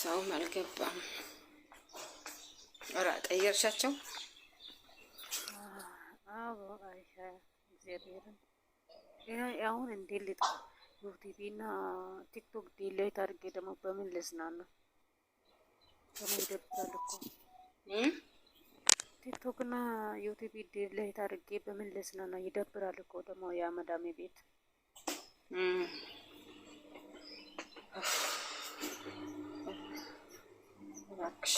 ሰውም አልገባም። ኧረ ቀየርሻቸው። አሁን እንዴት ልጥ እና ቲክቶክ ዲሌት አድርጌ ደግሞ በምን ልዝናና? ደግሞ ይደብራል እኮ ቲክቶክ እና ዲሌት አድርጌ በምን ልዝናና? ይደብራል እኮ ደግሞ የአመዳሜ ቤት እባክሽ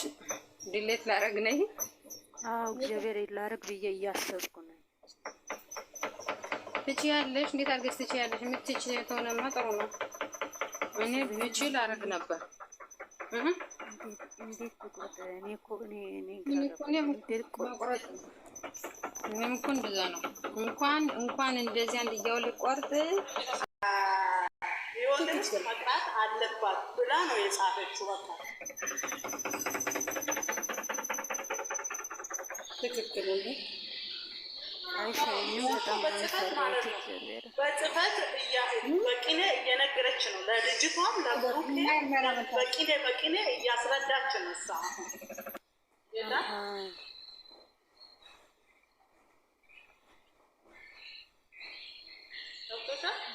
ድሌት ላረግ ነኝ። አዎ እግዚአብሔር ላረግ ብዬ እያሰብኩ ነው። ትችያለሽ። እንዴት አድርገሽ ትችያለሽ? የምትችይ ከሆነማ ጥሩ ነው። እኔ ብችል ላረግ ነበር። እኔም እኮ እንደዛ ነው። እንኳን እንኳን እንደዚያ እንድያው ልቆርጥ ልብስ መቅራት አለባት ብላ ነው የጻፈችው። በቃ ትክክል በጽፈት በቂኔ እየነገረች ነው ለልጅቷም ለብሩኬ በቂኔ በቂኔ እያስረዳች ነው።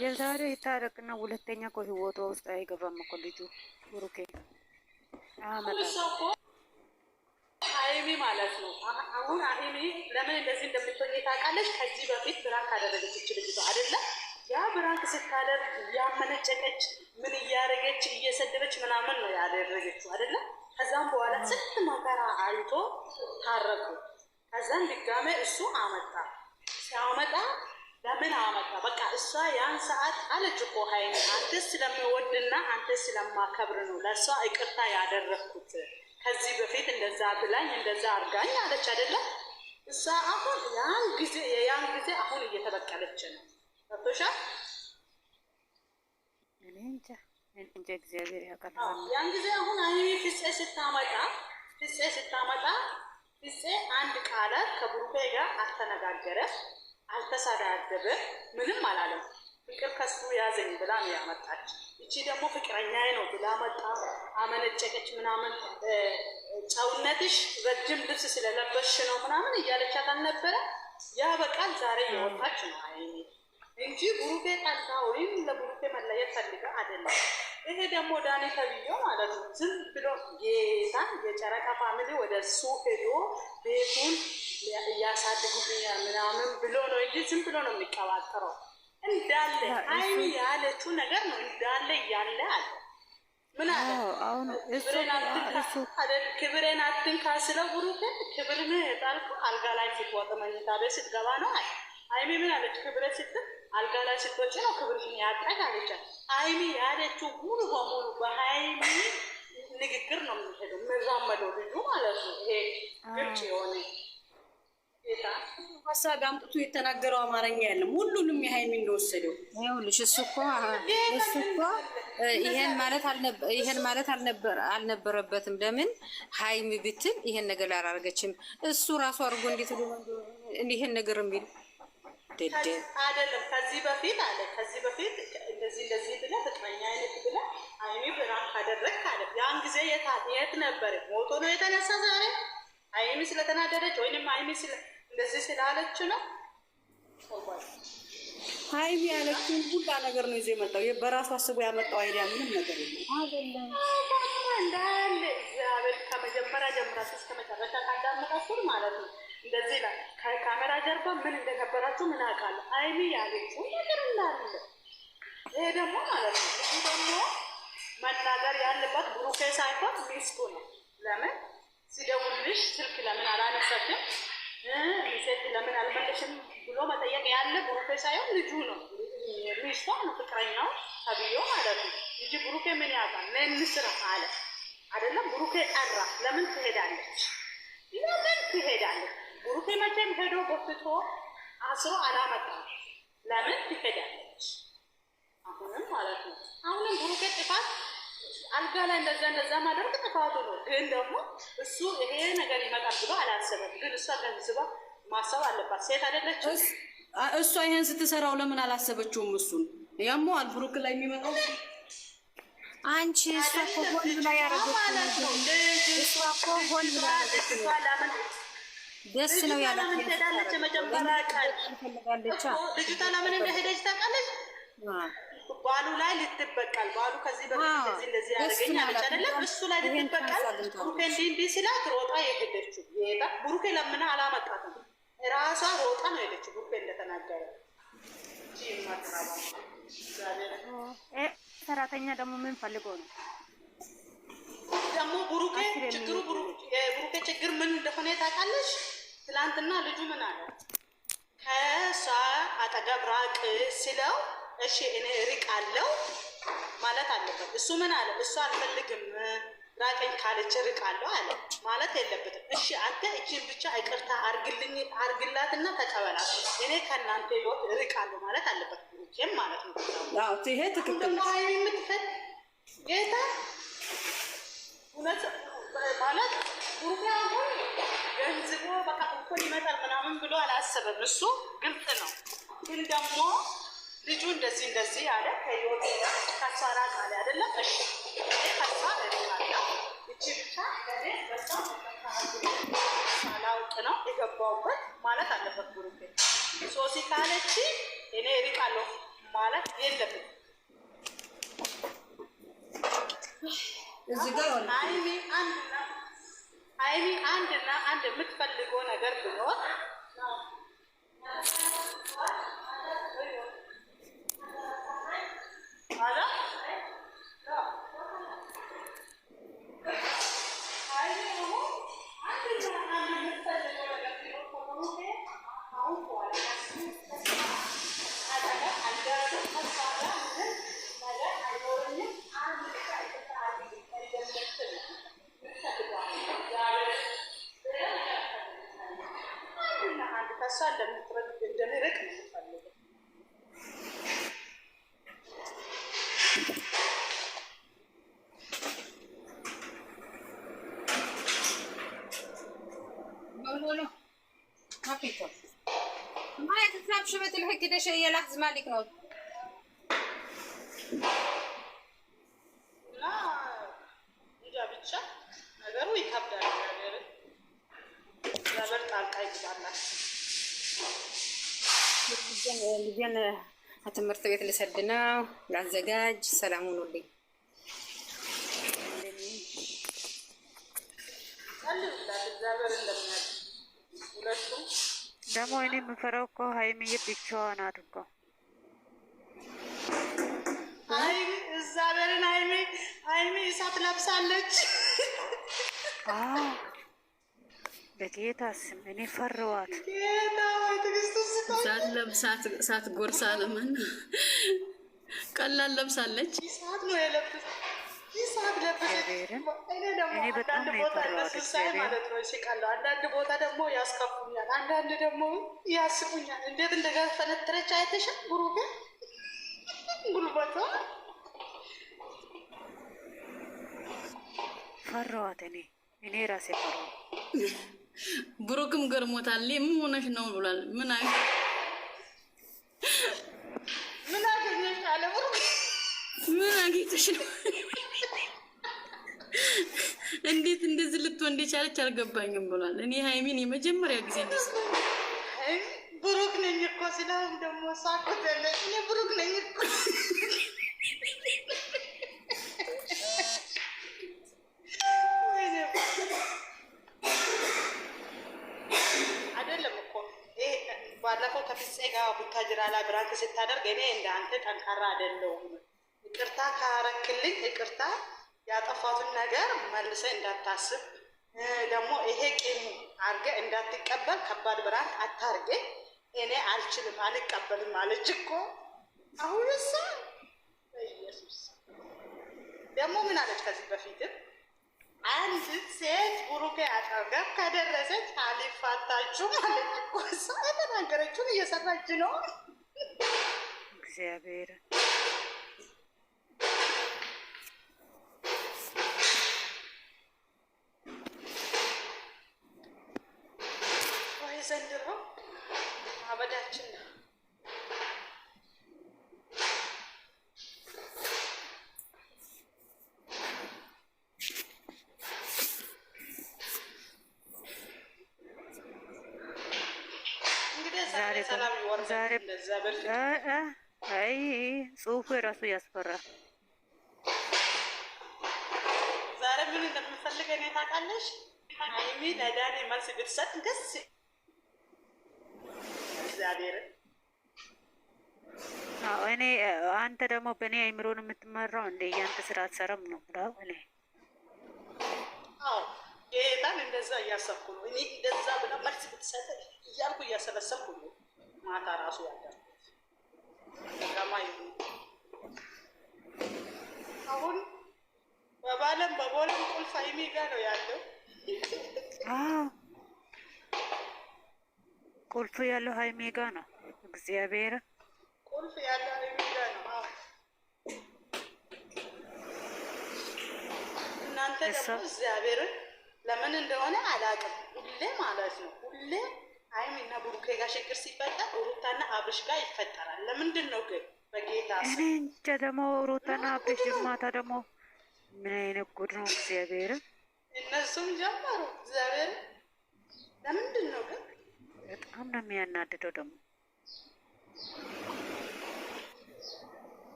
የዛሬ ይታረቅና ሁለተኛ እኮ ህይወቷ ውስጥ አይገባም እኮ ልጁ ብሩኬ ሀይሚ ማለት ነው። አሁን ሀይሚ ለምን እንደዚህ እንደምትሆን ታውቃለች። ከዚህ በፊት ብራንክ አደረገች ይችል ልጅ አይደለ? ያ ብራንክ ስታደርግ ያመነጨቀች ምን እያደረገች እየሰደበች ምናምን ነው ያደረገችው አይደለ? ከዛም በኋላ ስንት መከራ አይቶ ታረቁ። ከዛም ድጋሜ እሱ አመጣ ሲያመጣ ለምን አመጣ? በቃ እሷ ያን ሰዓት አለች እኮ ሀይሚ፣ አንተ ስለምወድና አንተ ስለማከብር ነው ለእሷ ይቅርታ ያደረግኩት። ከዚህ በፊት እንደዛ ብላኝ እንደዛ አርጋኝ አለች አይደለም? እሷ አሁን ያን ጊዜ የያን ጊዜ አሁን እየተበቀለች ነው። ገብቶሻል? እንጃ እግዚአብሔር ያውቃል። ያን ጊዜ አሁን አይ ፍፄ ስታመጣ ፍፄ ስታመጣ ፍፄ አንድ ቃለ ከብሩኬ ጋር አልተነጋገረ አልተሳዳደበ፣ ምንም አላለም። ፍቅር ከሱ ያዘኝ ብላ ነው ያመጣች። እቺ ደግሞ ፍቅረኛዬ ነው ብላ መጣ አመነጨቀች፣ ምናምን ጨውነትሽ ረጅም ልብስ ስለለበሽ ነው ምናምን እያለቻት አልነበረ። ያ በቃል ዛሬ የወጣች ነው። አይኔ እንጂ ጉሩፌ ጠላ ወይም ለጉሩፌ መለየት ፈልገ አይደለም። ይሄ ደግሞ ዳኒ ተብዬው ማለት ነው ዝም ብሎ ጌታ የጨረቃ ፋሚሊ ወደ እሱ ሄዶ ቤቱን እያሳደጉልኛ ምናምን ብሎ ነው እንጂ ዝም ብሎ ነው የሚቀባጠረው። እንዳለ አይን ያለችው ነገር ነው እንዳለ እያለ አለ ምን አለ ክብሬን አትንካ ስለው ጉሩፌ ክብርን ጣልኩ አልጋ ላይ ስትወጥ መኝታ ቤት ስትገባ ነው አለ። አይሜ ምን አለች ክብሬ ስትል አልጋ ላይ ስትወጪ ነው ክብርሽን ያጣሽ አለቻት። ሀይሚ ያለችው ሙሉ በሙሉ በሀይሚ ንግግር ነው የሚሄደው፣ መዛመደው ልጁ ማለት ነው። ይሄ ግልጽ የሆነ ሀሳብ አምጥቶ የተናገረው አማርኛ ያለም ሁሉንም የሀይሚ እንደወሰደው ይኸውልሽ፣ እሱ እኮ እሱ እኮ ይሄን ማለት ይሄን ማለት አልነበረበትም። ለምን ሀይሚ ብትል ይሄን ነገር አላደረገችም። እሱ ራሱ አድርጎ እንዴት ይሄን ነገር የሚል አይደለም ከዚህ በፊት አለ ከዚህ በፊት እንደዚህ እንደዚህ ብለህ ፍቅረኛ አይነት ብለህ አይኔ ብራን ካደረግ አለ። ያን ጊዜ የት ነበር? ሞቶ ነው የተነሳ ዛሬ አይኔ ስለተናደደች ወይንም አይኔ እንደዚህ ስላለች ነው። ሀይሚ ያለችውን ሁላ ነገር ነው ይዞ የመጣው። በራሱ አስቦ ያመጣው አይዲያ ምንም ነገር የለም። እንዳለ እግዚአብሔር ከመጀመሪያ ጀምራችሁ እስከ መጨረሻ ካዳመጣችሁን ማለት ነው እንደዚህ ላይ ከካሜራ ጀርባ ምን እንደነበራችሁ ምን አውቃለሁ። አይኒ ያቤቱ ነገር እንዳለ ይሄ ደግሞ ማለት ነው። ልጁ ደግሞ መናገር ያለባት ብሩኬ ሳይሆን ሚስቱ ነው። ለምን ሲደውልሽ ስልክ ለምን አላነሳችም፣ ሚሴት ለምን አልመለሽም ብሎ መጠየቅ ያለ ብሩኬ ሳይሆን ልጁ ነው። ሚስቷ ነው ፍቅረኛው ተብዮ ማለት ነው እንጂ ብሩኬ ምን ያውቃል? ምን ስራ አለ አይደለም። ብሩኬ ጠራ። ለምን ትሄዳለች? ለምን ትሄዳለች? ብሩኬ መቼም ሄዶ ጎትቶ አስሮ አላመጣም። ለምን ትሄዳለች? አሁንም ማለት ነው። አሁንም ብሩኬ ጥፋት አልጋ ላይ እንደዛ እንደዛ ማድረግ ጥፋቱ ነው። ግን ደግሞ እሱ ይሄ ነገር ይመጣል ብሎ አላሰበም። ግን እሷ ገንዝባ ማሰብ አለባት። ሴት አይደለች እሷ። ይሄን ስትሰራው ለምን አላሰበችውም? እሱን ያሞ ብሩክ ላይ የሚመጣው አንቺ እሷ እኮ ሆን ብላ ያረገችው እሷ እኮ ሆን ብላ ያረገችው ደስ ነው ያለው። ለምን ትሄዳለች? መጀመሪያ ቀን ልጅቷ ለምን እንደሄደች ታውቃለች? ባሉ ላይ ባሉ ከዚህ በፊት እንደዚህ ያደረገኝ አለች አይደለም? እሱ ላይ ብሩኬ እንዲህ እንዲህ ሲላት ሮጣ የሄደችው ብሩኬ ለምን አላመጣትም? ራሷ ሮጣ ነው የሄደችው። ብሩኬ እንደተናገረ ሰራተኛ ደግሞ ምን ፈልጎ ነው ደግሞ ብሩኬ ችግሩ ብሩኬ ችግር ምን እንደሆነ ታውቃለች። ትላንትና ልጁ ምን አለ? ከእሷ አጠገብ ራቅ ሲለው እሺ እኔ ርቅ አለው ማለት አለበት። እሱ ምን አለ? እሱ አልፈልግም ራቀኝ ካለች ርቅ አለው አለ ማለት የለበትም። እሺ አንተ እችን ብቻ ይቅርታ አርግልኝ አርግላትና ተቀበላት፣ እኔ ከእናንተ ህይወት ርቅ አለው ማለት አለበት። ብሩኬም ማለት ነው ይሄ ትክክል ሀይል የምትፈል ጌታ እውነት ማለት አሁን ገንዝቦ በቃ ይመጣል ምናምን ብሎ አላሰበም። እሱ ግልጽ ነው። ግን ደግሞ ልጁ እንደዚህ እንደዚህ አለ ከህይወት ከሷ ራቅ አለ አይደለም። እሺ እኔ ከሷ እቺ ብቻ ነው የገባውበት ማለት አለበት። ሶሲ ካለች እኔ ማለት እዚህ ጋር ሀይሚ አንድ አንድ የምትፈልገው ነገር ብኖር ما تفهمش مثل هيك ليش هي لازم عليك نوت لا እንጃ ብቻ ነገሩ ይከብዳል። ነገር ነገር ጣልቃ ይባላል። ልጄን ትምህርት ቤት ልሰድ ነው ላዘጋጅ። ሰላም ሁኑልኝ። እግዚአብሔር እንደሚያውቅ ሁለቱም ደግሞ እኔ የምፈራው እኮ ሀይሚዬ ብቻዋ ናት እኮ እዛ በልን ሀይሚ ሀይሚ እሳት ለብሳለች። በጌታ ስም እኔ ፈርዋት እሳት ለብሳት እሳት ጎርሳ ለምን ቀላል ለብሳለች። እሳት ነው የለብስ እግዚአብሔርን እኔ በጣም ነው የፈራሁት። አንዳንድ ቦታ ደግሞ ያስከፉኛል፣ አንዳንድ ደግሞ ያስቡኛል። እንዴት እንደፈነጠረች አይተሻል? ጉሩቤ ጉልበቷ ፈራኋት። እኔ እኔ ራሴ ፈራሁ። ብሩክም ገርሞታል። ምን ሆነሽ ነው ብሏል። ምን አይ ምን አገኘሽ አለ ብሩክ ምን አገኘሽ ነው እንዴት እንደዚህ ልትሆን እንደቻለች አልገባኝም ብሏል። እኔ ሀይሚን የመጀመሪያ ጊዜ እንደስ ብሩክ ነኝ እኮ ስላሁን ደግሞ ሳቆተለ እኔ ብሩክ ነኝ እኮ አይደለም እኮ ባለፈው ቡታጅራ ላይ ብራንክ ስታደርግ እኔ እንደ አንተ ጠንካራ አይደለሁም ይቅርታ ካረክልኝ ይቅርታ ያጠፋትን ነገር መልሰ እንዳታስብ ደግሞ ይሄ ቂም አርገ እንዳትቀበል ከባድ ብርሃን አታርጌ። እኔ አልችልም አልቀበልም አለች እኮ አሁን ሳ በኢየሱስ ደግሞ ምን አለች? ከዚህ በፊትም አንድ ሴት ቡሩኬ አጠገብ ከደረሰች አልፋታችሁ ማለት እኮ እሷ የተናገረችውን እየሰራች ነው እግዚአብሔር አይ ጽሁፉ የራሱ ያስፈራል። ዛሬ ምን እንደምፈልገ እኔ ታውቃለሽ። ሀይሚ ለዳኔ መልስ ብትሰጥ ደስ እግዚአብሔር እኔ አንተ ደግሞ በእኔ አይምሮን የምትመራው እንደ እያንተ ስራ አትሰራም ነው ብለው እኔ ጌታን እንደዛ እያሰብኩ ነው። እኔ እንደዛ ብላ መልስ ብትሰጥ እያልኩ እያሰበሰብኩ ነው ማታ ራሱ ያዳርኩት ከተማ አሁን በባለም በቦለም ቁልፍ ሀይሚ ጋ ነው ያለው። ቁልፍ ያለው ሀይሚ ጋ ነው። እግዚአብሔር ቁልፍ ያለው ሀይሚ ጋ ነው። እናንተ ደግሞ እግዚአብሔርን ለምን እንደሆነ አላውቅም። ሁሌ ማለት ነው ሁሌ ሀይሚ እና ብሩኬ ጋር ችግር ሲፈጠር ሩታና አብርሽ ጋር ይፈጠራል። ለምንድን ነው ግን በጌታ እኔ እንጃ። ደግሞ ሩታና አብርሽ ማታ ደግሞ ምን አይነት ጉድ ነው! እግዚአብሔር እነሱም ጀመሩ። እግዚአብሔር ለምንድን ነው ግን? በጣም ነው የሚያናድደው። ደግሞ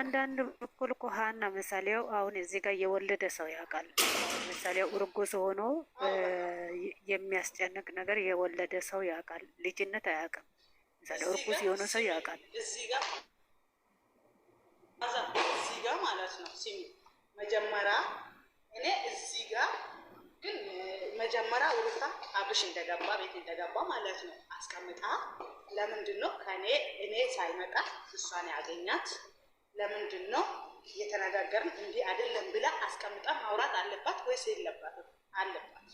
አንዳንድ በኩል እኮ ሀና ምሳሌው አሁን እዚህ ጋር የወለደ ሰው ያውቃል ለምሳሌ እርጉዝ ሆኖ የሚያስጨንቅ ነገር የወለደ ሰው ያውቃል። ልጅነት አያውቅም። ለምሳሌ እርጉዝ የሆነ ሰው ያውቃል። እዚህ ጋር ማለት ነው። ሲሚ መጀመሪያ እኔ እዚህ ጋር ግን መጀመሪያ ውርታ አብሽ እንደገባ ቤት እንደገባ ማለት ነው አስቀምጣ። ለምንድን ነው ከእኔ እኔ ሳይመጣ እሷን ያገኛት ለምንድን ነው? እየተነጋገርን እንዲህ አይደለም ብላ አስቀምጣ ማውራት አለባት ወይስ የለባትም? አለባት።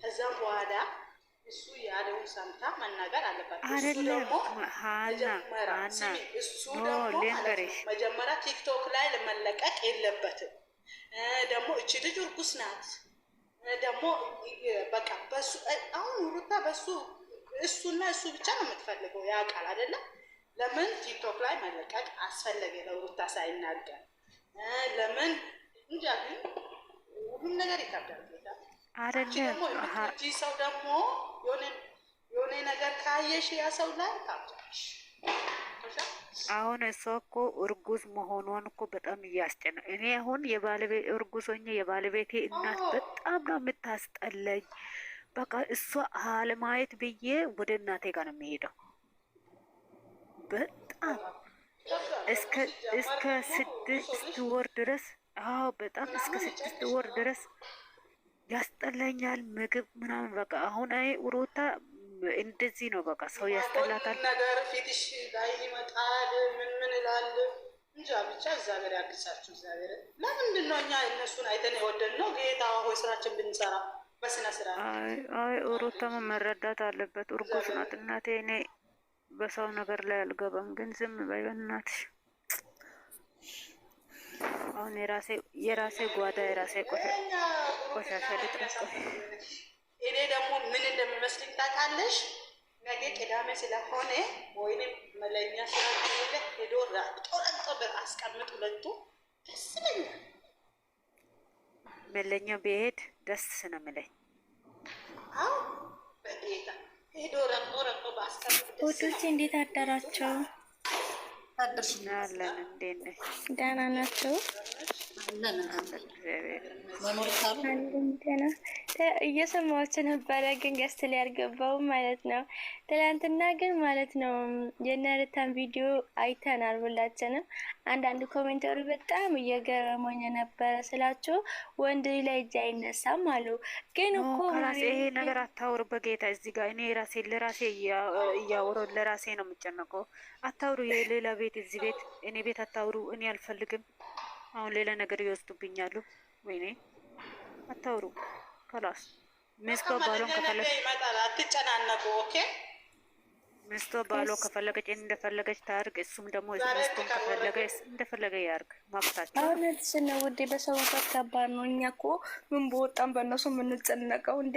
ከዛም በኋላ እሱ ያለውን ሰምታ መናገር አለባት። እሱ ደግሞ መጀመሪያ ቲክቶክ ላይ ለመለቀቅ የለበትም። ደግሞ እች ልጅ እርጉስ ናት። ደግሞ በቃ በሱ አሁን ሩታ በሱ እሱና እሱ ብቻ ነው የምትፈልገው። ያውቃል አይደለም ለምን ቲክቶክ ላይ መለቀቅ አስፈለገ? ለሩታ ሳይናገር ለምን እንጃ። ግን ሁሉም ነገር ይከብዳል። ጌታ አደለጂ ሰው ደግሞ የሆነ ነገር ካየሽ ያ ሰው ላይ ታብጫለሽ። አሁን እሷ እኮ እርጉዝ መሆኗን እኮ በጣም እያስጨነቀ እኔ አሁን የባለቤ እርጉዝ ሆኜ የባለቤቴ እናት በጣም ነው የምታስጠለኝ። በቃ እሷ አለማየት ብዬ ወደ እናቴ ጋር ነው የሚሄደው በጣም እስከ እስከ ስድስት ወር ድረስ አዎ፣ በጣም እስከ ስድስት ወር ድረስ ያስጠላኛል። ምግብ ምናምን በቃ አሁን አይ ውሮታ እንደዚህ ነው። በቃ ሰው ያስጠላታል። ነገር ፊትሽ ላይ ይመጣል። ምን ምን ይላል እንጃ። ብቻ እግዚአብሔር ያግዛችሁ። እግዚአብሔር ለምንድን ነው እኛ እነሱን አይተን የወደድ ነው? ጌታ ሆይ ስራችን ብንሰራ በስነ ስራ። አይ ሩታም መረዳት አለበት። እርጉዝ ናት እናቴ እኔ በሰው ነገር ላይ አልገባም፣ ግን ዝም በይ በእናትሽ። አሁን የራሴ የራሴ ጓዳ የራሴ ቆሻሻ ልጥረስ። እኔ ደግሞ ምን እንደሚመስልኝ ታውቃለሽ? ነገ ቅዳሜ ስለሆነ ወይም መለኛ ስለሆነ ሄዶ ራቅጦ ረግጦ አስቀምጥ ሁለቱ ደስ ይለኛል። መለኛው ብሄድ ደስ ነው የሚለኝ። አዎ በጌታ ውዶች እንዴት አደራቸው? ደህና ናቸው። እየሰማሁት ነበረ፣ ግን ገስት ላይ ማለት ነው። ትላንትና ግን ማለት ነው የነርታን ቪዲዮ አይተናል ሁላችንም። አንዳንድ ኮሜንተሩ በጣም እየገረመኝ ነበረ ስላቸው ወንድ ላይ እጅ አይነሳም አሉ። ግን እኮ ይሄ ነገር አታውሩ በጌታ እዚህ ጋር እኔ ራሴ ለራሴ እያወራሁ ለራሴ ነው የምጨነቀው። አታውሩ የሌላ ቤት እዚህ ቤት እኔ ቤት አታውሩ፣ እኔ አልፈልግም አሁን ሌላ ነገር ይወስዱብኛሉ። ወይኔ አታውሩ። ከላስ ሚስቶ ባሏን ከፈለገ አትጨናነቁ። ኦኬ ሚስቶ ባሏ ከፈለገች እንደፈለገች ታርግ፣ እሱም ደግሞ ሚስቱን ከፈለገ እንደፈለገ ያርግ። ማብታቸው እውነትሽን ነው ውዴ። በሰው ከባድ ነው። እኛ እኮ ምን በወጣም በእነሱ የምንጨነቀው እንዴ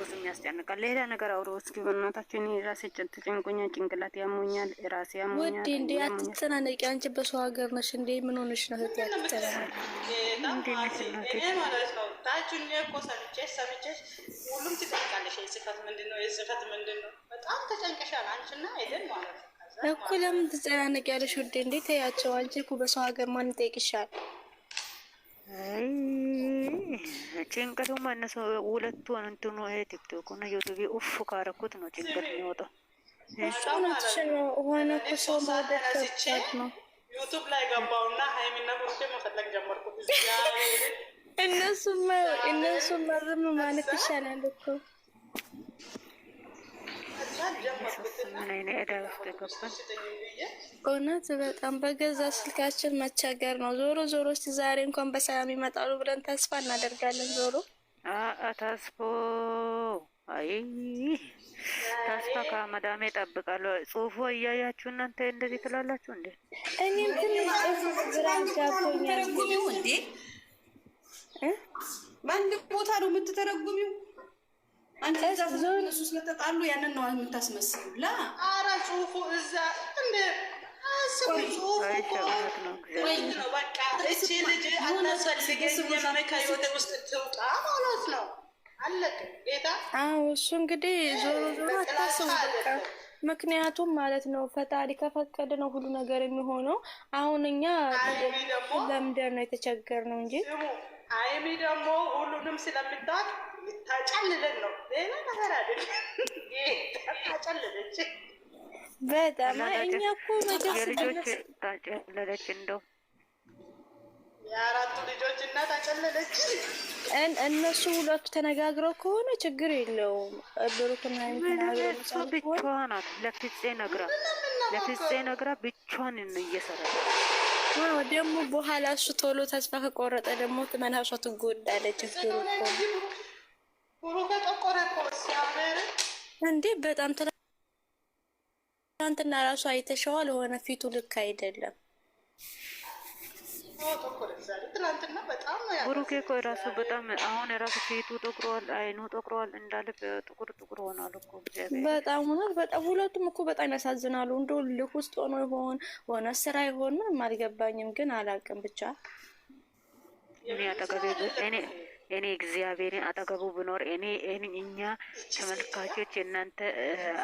ብዙም ያስጨንቃል። ሌላ ነገር አውሮ እስኪ በእናታችሁ ራሴ ተጨንቆኛል፣ ጭንቅላት ያሞኛል፣ ራሴ ያሞኛል። ውዴ እንዴ አትጨናነቂ፣ አንቺ በሰው ሀገር ነሽ እንዴ ምን ሆነሽ ነው? እህቴ ያትጨናነቂ እኮ። ለምን ትጨናነቂ ያለሽ ውዴ? እንዴ ተያቸው። አንቺ እኮ በሰው ሀገር ማን ይጠይቅሻል? ጭንቀቱ ማነሱ ሁለቱ እንትኑ ቲክቶክ እና ዩቱብ ኡፍ ካረኩት ነው ጭንቀት የሚወጣው። እነሱ ላይ ገባውና ሀይሚና ብሩኬ መርም ማለት ይሻላል እኮ እውነት በጣም በገዛ ስልካችን መቸገር ነው። ዞሮ ዞሮ እስኪ ዛሬ እንኳን በሰላም ይመጣሉ ብለን ተስፋ እናደርጋለን። ዞሮ ተስፎ አይ ተስፋ ከመዳሜ እጠብቃለሁ። ጽሁፎ እያያችሁ እናንተ እንደዚህ ትላላችሁ እንዴ? እኔም ትንሽ ጽሁፍ ግራ ጋብቶኛል። እንዴ በአንድ ቦታ ነው የምትተረጉሚው? አንተ እዛ እሱ ስለተጣሉ ያንን ነው የምታስመስሉ። ላ ኧረ ጽሁፉ እዛ እንደ አስብ ነው። በቃ እቺ ልጅ ውስጥ ትውጣ ማለት ነው። አለቅ ጌታ። አዎ እሱ እንግዲህ ዞሮ ዞሮ አታስቡ በቃ ምክንያቱም ማለት ነው ፈጣሪ ከፈቀደ ነው ሁሉ ነገር የሚሆነው። አሁን እኛ ለምደር ነው የተቸገር ነው እንጂ አይሚ ደግሞ ሁሉንም ስለምታውቅ ልታጨልለን ነው። ሌላ ነገር አይደለም። ታጨልለች በጣም እኛ እኮ ልጆች ታጨለለች እንደው የአራቱ ልጆች እና ታጨለለች። እነሱ ሁለቱ ተነጋግረው ከሆነ ችግር የለውም። ብሩክና ብቻ ናት ለፍፄ ነግራ ለፍፄ ነግራ ብቻዋን እየሰራች ደግሞ በኋላ እሱ ቶሎ ተስፋ ከቆረጠ ደግሞ መናሷ ትጎዳለች። ችግር እንዴ በጣም ትናንትና ራሱ አይተሸዋል። የሆነ ፊቱ ልክ አይደለም። ብሩኬ እኮ የራሱ በጣም አሁን የራሱ ፊቱ ጠቁሯል፣ አይኑ ጠቁሯል፣ እንዳለ ጥቁር ጥቁር ሆኗል እኮ በጣም ሆኗል። በጣም ሁለቱም እኮ በጣም ያሳዝናሉ። እንደ ልክ ውስጥ ሆኖ ይሆን ሆነ ስራ ይሆን አልገባኝም፣ ግን አላውቅም ብቻ እኔ እኔ እግዚአብሔርን አጠገቡ ብኖር እኔ እኛ ተመልካቾች እናንተ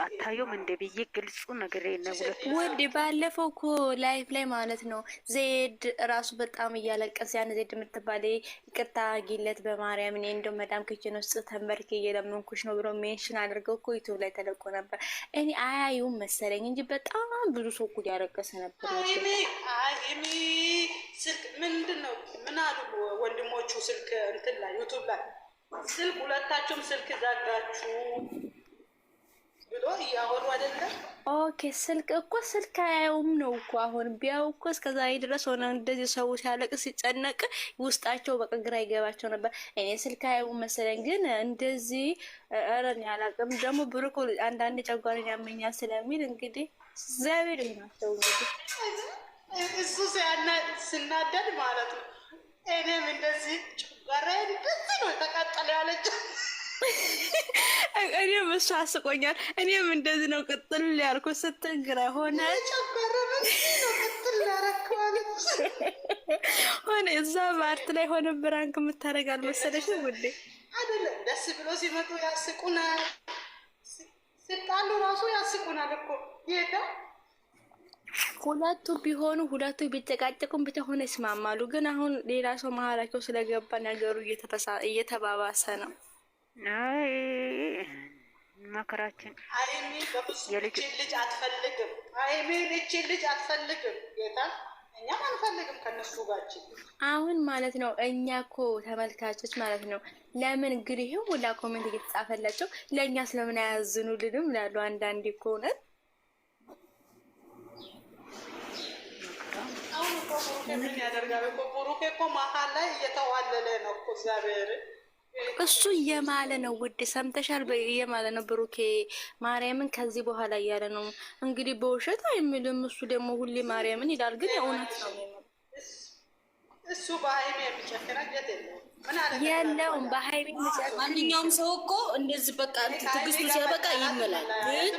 አታዩም እንደ ብዬ ግልጹ ነገር ነጉለት ውድ ባለፈው እኮ ላይፍ ላይ ማለት ነው። ዜድ ራሱ በጣም እያለቀስ ያን ዜድ የምትባለ ይቅርታ ጊለት በማርያም እኔ እንደ መዳም ክችን ውስጥ ተንበርክ እየለመንኩሽ ነው ብሎ ሜንሽን አድርገው እኮ ዩቱብ ላይ ተለቆ ነበር። እኔ አያዩም መሰለኝ እንጂ በጣም ብዙ ሰው እኮ ያለቀሰ ነበር። ስልክ ምንድን ነው? ምን አሉ ወንድሞቹ? ስልክ እንትን ላይ ዩቱብ ላይ ስልክ ሁለታቸውም ስልክ ዘጋችሁ ብሎ እያወሩ አይደለም። ኦኬ ስልክ እኮ ስልክ አያዩም ነው እኮ አሁን ቢያው እኮ እስከዛ ድረስ ሆነ እንደዚህ ሰው ሲያለቅ ሲጨነቅ ውስጣቸው በቃ ግራ ይገባቸው ነበር። እኔ ስልክ አያዩም መሰለኝ፣ ግን እንደዚህ ረን ያላቅም ደግሞ ብሩክ አንዳንድ ጨጓራን ያመኛል ስለሚል እንግዲህ እግዚአብሔር ይመስገን እንግዲህ እሱ ስናደድ ማለት ነው። እኔም እንደዚህ ጨጓራ እንደዚህ ነው የተቃጠለ ያለች። እኔም እሱ አስቆኛል። እኔም እንደዚህ ነው ቅጥል ያልኩ ስትል ግራ ሆነ ሆነ እዛ ባርት ላይ ሆነ ብራንክ የምታደርግ አልመሰለሽ ውዴ። አይደለም ደስ ብሎ ሲመጡ ያስቁናል፣ ስጣሉ ራሱ ያስቁናል እኮ ይሄዳ ሁለቱ ቢሆኑ ሁለቱ ቢጨቃጨቁም ብቻ ሆነ ይስማማሉ። ግን አሁን ሌላ ሰው መሀላቸው ስለገባ ነገሩ እየተባባሰ ነው። አይ መከራችን ልጅ ልጅ አትፈልግም። ልጅ ልጅ አትፈልግም። ጌታ እኛም አንፈልግም ከነሱ አሁን ማለት ነው። እኛ እኮ ተመልካቾች ማለት ነው። ለምን ግን ይሄ ሁላ ኮሜንት እየተጻፈላቸው ለእኛ ስለምን አያዝኑልንም ላሉ አንዳንዴ እኮ እውነት ምን ያደርጋል እኮ ብሩኬ እኮ መሀል ላይ እየተዋለለ ነው እኮ እግዚአብሔር እሱ እየማለ ነው። ውድ ሰምተሻል? እየማለ ነው ብሩኬ ማርያምን ከዚህ በኋላ እያለ ነው። እንግዲህ በውሸት አይምልም። እሱ ደግሞ ሁሌ ማርያምን ይላል፣ ግን የእውነት ነው። እሱ በሀይሜ የሚጨክረገት የለው የለውም በሀይሚ ማንኛውም ሰው እኮ እንደዚህ በቃ ትግስቱ ሲያበቃ ይምላል። ግን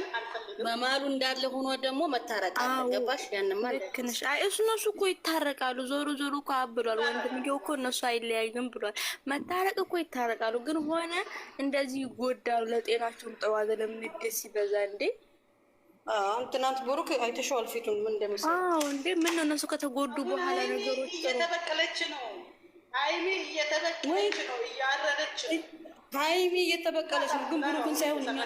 መማሉ እንዳለ ሆኖ ደግሞ መታረቅ ገባሽ? ያንማ ልክ ነሽ። አይ እነሱ እኮ ይታረቃሉ። ዞሮ ዞሮ እኮ አብሏል። ወንድምየው እኮ እነሱ አይለያዩም ብሏል። መታረቅ እኮ ይታረቃሉ። ግን ሆነ እንደዚህ ይጎዳሉ። ለጤናቸውም ጥሩ አይደለም። ንግስ ሲበዛ እንዴ አሁን ትናንት ብሩክ አይተሸዋል ፊቱን ምን እንደሚሰራ። እንዴ ምን ነው እነሱ ከተጎዱ በኋላ ነገሮች እየተበቀለች ነው ሀይሚ እየተበቀለች ነው ሀይሚ እየተበቀለች ነው፣ ግን ብሩክን ሳይሆን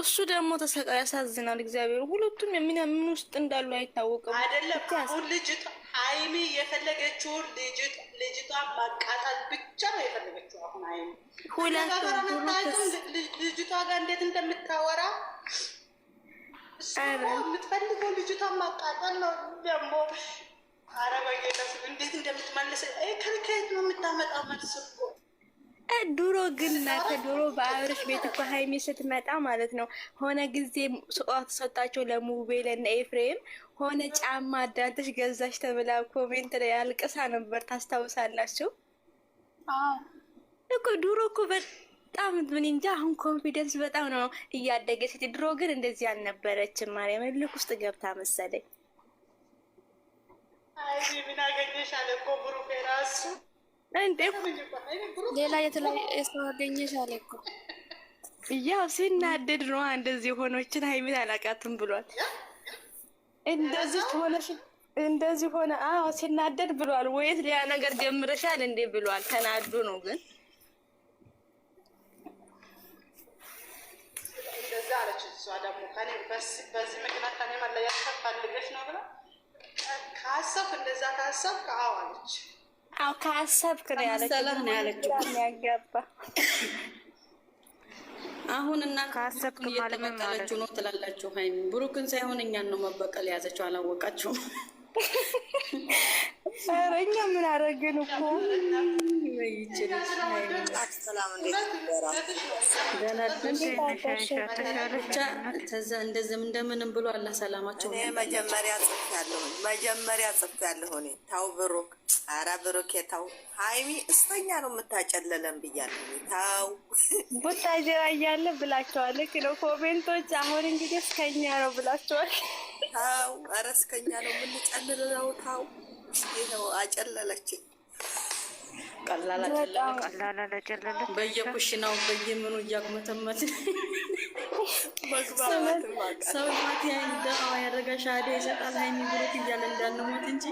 እሱ ደግሞ ተሰቃ ያሳዝናል። እግዚአብሔር ሁለቱም ምን ምን ውስጥ እንዳሉ አይታወቅም። አይደለም አሁን ልጅቷ ሀይሚ የፈለገችውን ብቻ ነው የፈለገችው። አሁን ሀይሚ ልጅቷ ጋር እንዴት እንደምታወራ የምትፈልገው ልጅቷ ማቃጣል ነው ደግሞ ኧረ በጌታሽ እንዴት እንደምትመልስ ከየት ነው የምታመጣው መልስ እኮ ድሮ ግን እናተ ዱሮ በአብርሽ ቤት እኮ ሀይሚ ስትመጣ ማለት ነው ሆነ ጊዜ ስጦታ ተሰጣቸው ለሙቤ ለእነ ኤፍሬም ሆነ ጫማ አዳንተሽ ገዛሽ ተብላ ኮሜንት ላይ አልቅሳ ነበር። ታስታውሳላችሁ እኮ ዱሮ እኮ በጣም ምን እንጃ። አሁን ኮንፊደንስ በጣም ነው እያደገ ሴት። ድሮ ግን እንደዚህ አልነበረችም። ማርያም ልክ ውስጥ ገብታ መሰለኝ ሌላ የተለያየ ሰው አገኘሽ አለ እኮ። ያው ሲናደድ ነው እንደዚህ ሆኖችን ሀይሚን አላውቃትም ብሏል። እንደዚህ ሆነሽ እንደዚህ ሆነ። አዎ ሲናደድ ብሏል። ወይስ ሌላ ነገር ጀምረሻል እንዴ ብሏል። ተናዶ ነው ግን እንደዛ አለች። እሷ ደግሞ በዚህ ምክንያት ከኔ መለያት ፈልገሽ ነው ብላ ከአሰብክ እንደዛ ከአሰብክ አዎ አለች። አዎ ከአሰብክ ነው ያለችው። ያጋባ አሁን እና ከአሰብክ ማለት ነው ትላላችሁ። ሀይሚ ብሩክን ሳይሆን እኛን ነው መበቀል የያዘችው። አላወቃችሁም ኧረ እኛ ምን አደረግን እኮ እንደዚህም እንደምንም ብሎ አላ ሰላማቸው መጀመሪያ ጽፍ ያለሆን መጀመሪያ ጽፍ ያለሆን ታው ብሩክ አረ ብሩኬ ተው፣ ሀይሚ እስተኛ ነው የምታጨለለን ብያለሁ። ተው ቡታጀራ እያለ ብላቸዋል። ልክ ነው ኮሜንቶች። አሁን እንግዲህ እስከኛ ነው ብላቸዋል። ተው፣ አረ እስከኛ ነው የምንጨልለው። ተው፣ ይኸው አጨለለችን። ቀላል አጨለለ። በየኩሽናው በየምኑ እያጉመተመት ሰው ማት ያደረገ ሻደ ይሰጣል። ሀይሚ ብሩክ እያለ እንዳንሞት እንጂ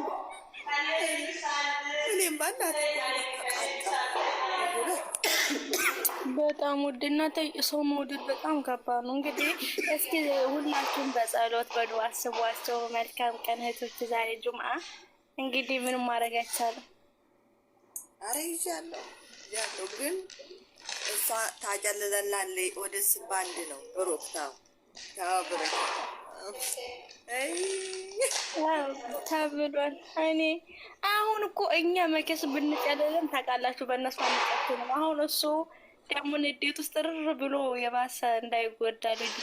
በጣም ውድና ሰው መውደድ በጣም ከባድ ነው። እንግዲህ እስኪ ሁላችሁም በጸሎት በዱ አስቧቸው። መልካም ቀን እህቶች። ዛሬ ጁምአ እንግዲህ ምንም ማድረግ አይቻልም። አረ ይዣለሁ ያለው ግን እሷ ታጨልለናለች። ወደ ስባንድ ነው ሮክታው ተባብረ ተብሏል። እኔ አሁን እኮ እኛ መቼስ ብንጨልልም ታውቃላችሁ፣ በእነሱ አንጨክንም። አሁን እሱ ደግሞ ንዴት ውስጥ ርር ብሎ የባሰ እንዳይጎዳ ልጅ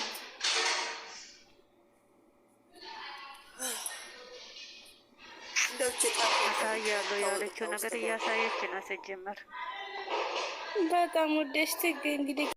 ያሳያለሁ ያለችው ነገር እያሳየች ነው። ስጀምር በጣም ውደሽት እንግዲህ